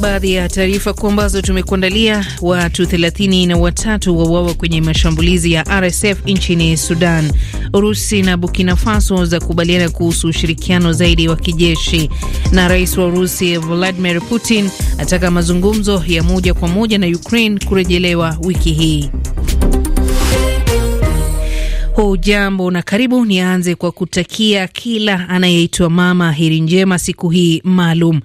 Baadhi ya taarifa kuu ambazo tumekuandalia: watu thelathini na watatu wauawa kwenye mashambulizi ya RSF nchini Sudan. Urusi na Burkina Faso za kubaliana kuhusu ushirikiano zaidi wa kijeshi, na rais wa Urusi Vladimir Putin ataka mazungumzo ya moja kwa moja na Ukraine kurejelewa wiki hii. Hujambo na karibu. Nianze kwa kutakia kila anayeitwa mama heri njema siku hii maalum.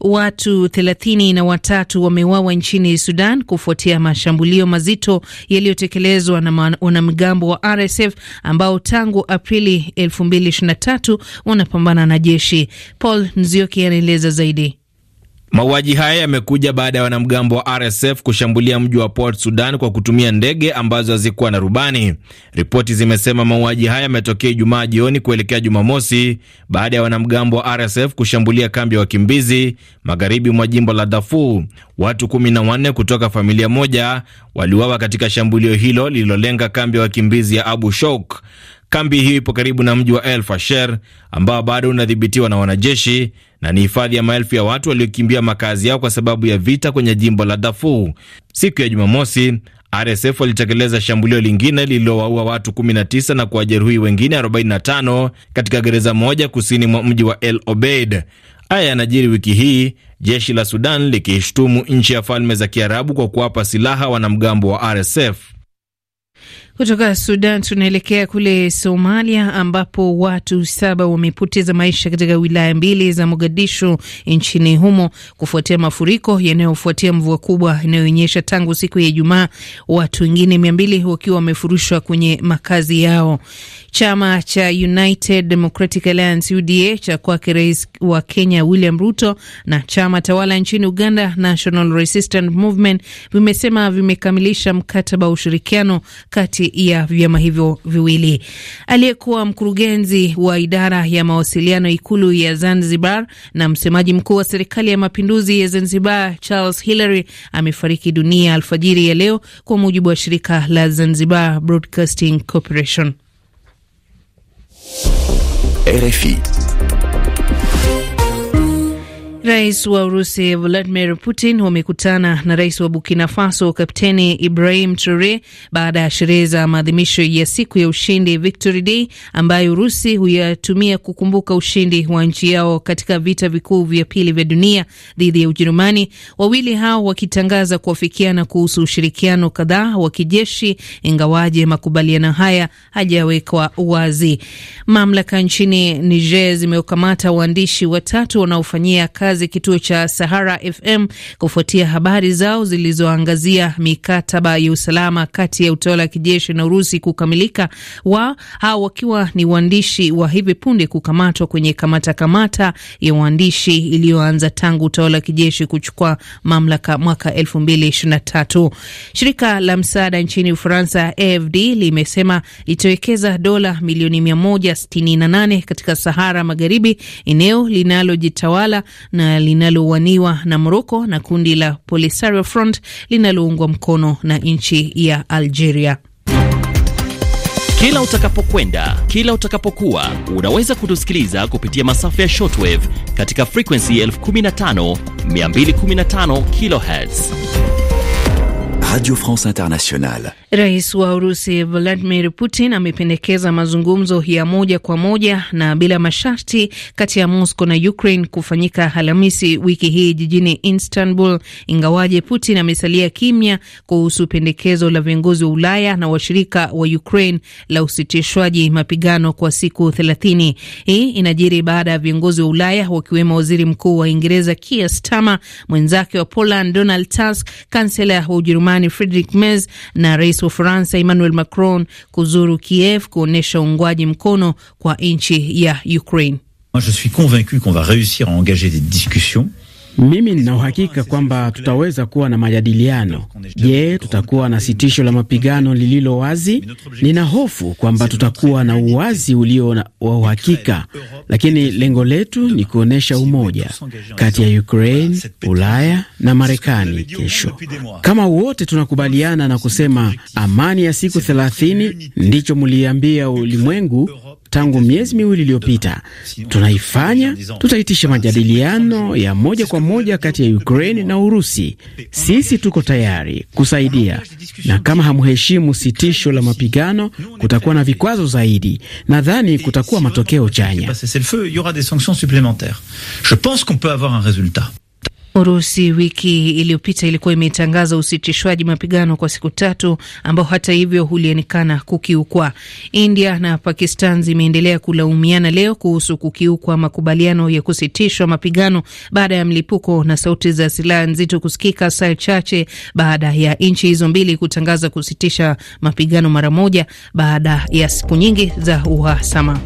Watu thelathini na watatu wameuawa nchini Sudan kufuatia mashambulio mazito yaliyotekelezwa na wanamgambo wa RSF ambao tangu Aprili 2023 wanapambana na jeshi. Paul Nzioki anaeleza zaidi. Mauaji haya yamekuja baada ya wanamgambo wa RSF kushambulia mji wa Port Sudan kwa kutumia ndege ambazo hazikuwa na rubani. Ripoti zimesema mauaji haya yametokea Ijumaa jioni kuelekea Jumamosi baada ya wanamgambo wa RSF kushambulia kambi ya wakimbizi magharibi mwa jimbo la Darfur. Watu kumi na wanne kutoka familia moja waliuawa katika shambulio hilo lililolenga kambi ya wakimbizi ya Abu Shouk. Kambi hiyo ipo karibu na mji wa El Fasher ambao bado unadhibitiwa na wanajeshi na ni hifadhi ya maelfu ya watu waliokimbia makazi yao kwa sababu ya vita kwenye jimbo la Darfur. Siku ya Jumamosi, RSF walitekeleza shambulio lingine lililowaua watu 19 na kuwajeruhi wengine 45 katika gereza moja kusini mwa mji wa El Obeid. Haya yanajiri wiki hii, jeshi la Sudan likishutumu nchi ya Falme za Kiarabu kwa kuwapa silaha wanamgambo wa RSF. Kutoka Sudan tunaelekea kule Somalia ambapo watu saba wamepoteza maisha katika wilaya mbili za Mogadishu nchini humo kufuatia mafuriko yanayofuatia mvua kubwa inayoonyesha tangu siku ya Ijumaa, watu wengine mia mbili wakiwa wamefurushwa kwenye makazi yao. Chama cha United Democratic Alliance UDA cha kwake rais wa Kenya William Ruto na chama tawala nchini Uganda National Resistance Movement vimesema vimekamilisha mkataba wa ushirikiano kati ya vyama hivyo viwili. Aliyekuwa mkurugenzi wa idara ya mawasiliano Ikulu ya Zanzibar na msemaji mkuu wa serikali ya mapinduzi ya Zanzibar, Charles Hillary, amefariki dunia alfajiri ya leo, kwa mujibu wa shirika la Zanzibar Broadcasting Corporation. RFI. Rais wa Urusi Vladimir Putin wamekutana na rais wa Burkina Faso Kapteni Ibrahim Traore baada ya sherehe za maadhimisho ya siku ya ushindi Victory Day ambayo Urusi huyatumia kukumbuka ushindi wa nchi yao katika vita vikuu vya pili vya dunia dhidi ya Ujerumani, wawili hao wakitangaza kuafikiana kuhusu ushirikiano kadhaa wa kijeshi, ingawaje makubaliano haya hajawekwa wazi. Mamlaka nchini Niger zimewakamata waandishi watatu wanaofanyia kazi wazi kituo cha Sahara FM kufuatia habari zao zilizoangazia mikataba ya usalama kati ya utawala wa kijeshi na Urusi kukamilika wa au wakiwa ni waandishi wa hivi punde kukamatwa kwenye kamata kamata ya waandishi iliyoanza tangu utawala wa kijeshi kuchukua mamlaka mwaka 2023. Shirika la msaada nchini Ufaransa AFD limesema litawekeza dola milioni 168 katika Sahara Magharibi, eneo linalojitawala na linalowaniwa na Moroko na kundi la Polisario Front linaloungwa mkono na nchi ya Algeria. Kila utakapokwenda, kila utakapokuwa, unaweza kutusikiliza kupitia masafa ya shortwave katika frequency 15215 kh Radio France Internationale. Rais wa Urusi Vladimir Putin amependekeza mazungumzo ya moja kwa moja na bila masharti kati ya Moscow na Ukraine kufanyika Alhamisi wiki hii jijini Istanbul, ingawaje Putin amesalia kimya kuhusu pendekezo la viongozi wa Ulaya na washirika wa Ukraine la usitishwaji mapigano kwa siku 30. Hii inajiri baada ya viongozi wa Ulaya wakiwemo waziri mkuu wa Uingereza Keir Starmer, mwenzake wa Poland Donald Tusk, kansela wa Ujerumani Marekani Friedrich Merz na rais wa Ufaransa Emmanuel Macron kuzuru Kiev kuonyesha uungwaji mkono kwa nchi ya Ukraine. Moi, je suis convaincu qu'on va réussir à engager des discussions mimi nina uhakika kwamba tutaweza kuwa na majadiliano. Je, tutakuwa na sitisho la mapigano lililo wazi? Nina hofu kwamba tutakuwa na uwazi ulio wa uhakika, lakini lengo letu ni kuonyesha umoja kati ya Ukraine, Ulaya na Marekani kesho. Kama wote tunakubaliana na kusema amani ya siku thelathini, ndicho mliambia ulimwengu tangu miezi miwili iliyopita. Tunaifanya, tutaitisha majadiliano ya moja kwa moja kati ya Ukraine na Urusi. Sisi tuko tayari kusaidia, na kama hamheshimu sitisho la mapigano, kutakuwa na vikwazo zaidi. Nadhani kutakuwa matokeo chanya. Urusi wiki iliyopita ilikuwa imetangaza usitishwaji mapigano kwa siku tatu, ambao hata hivyo hulionekana kukiukwa. India na Pakistan zimeendelea kulaumiana leo kuhusu kukiukwa makubaliano ya kusitishwa mapigano baada ya mlipuko na sauti za silaha nzito kusikika saa chache baada ya nchi hizo mbili kutangaza kusitisha mapigano mara moja baada ya siku nyingi za uhasama.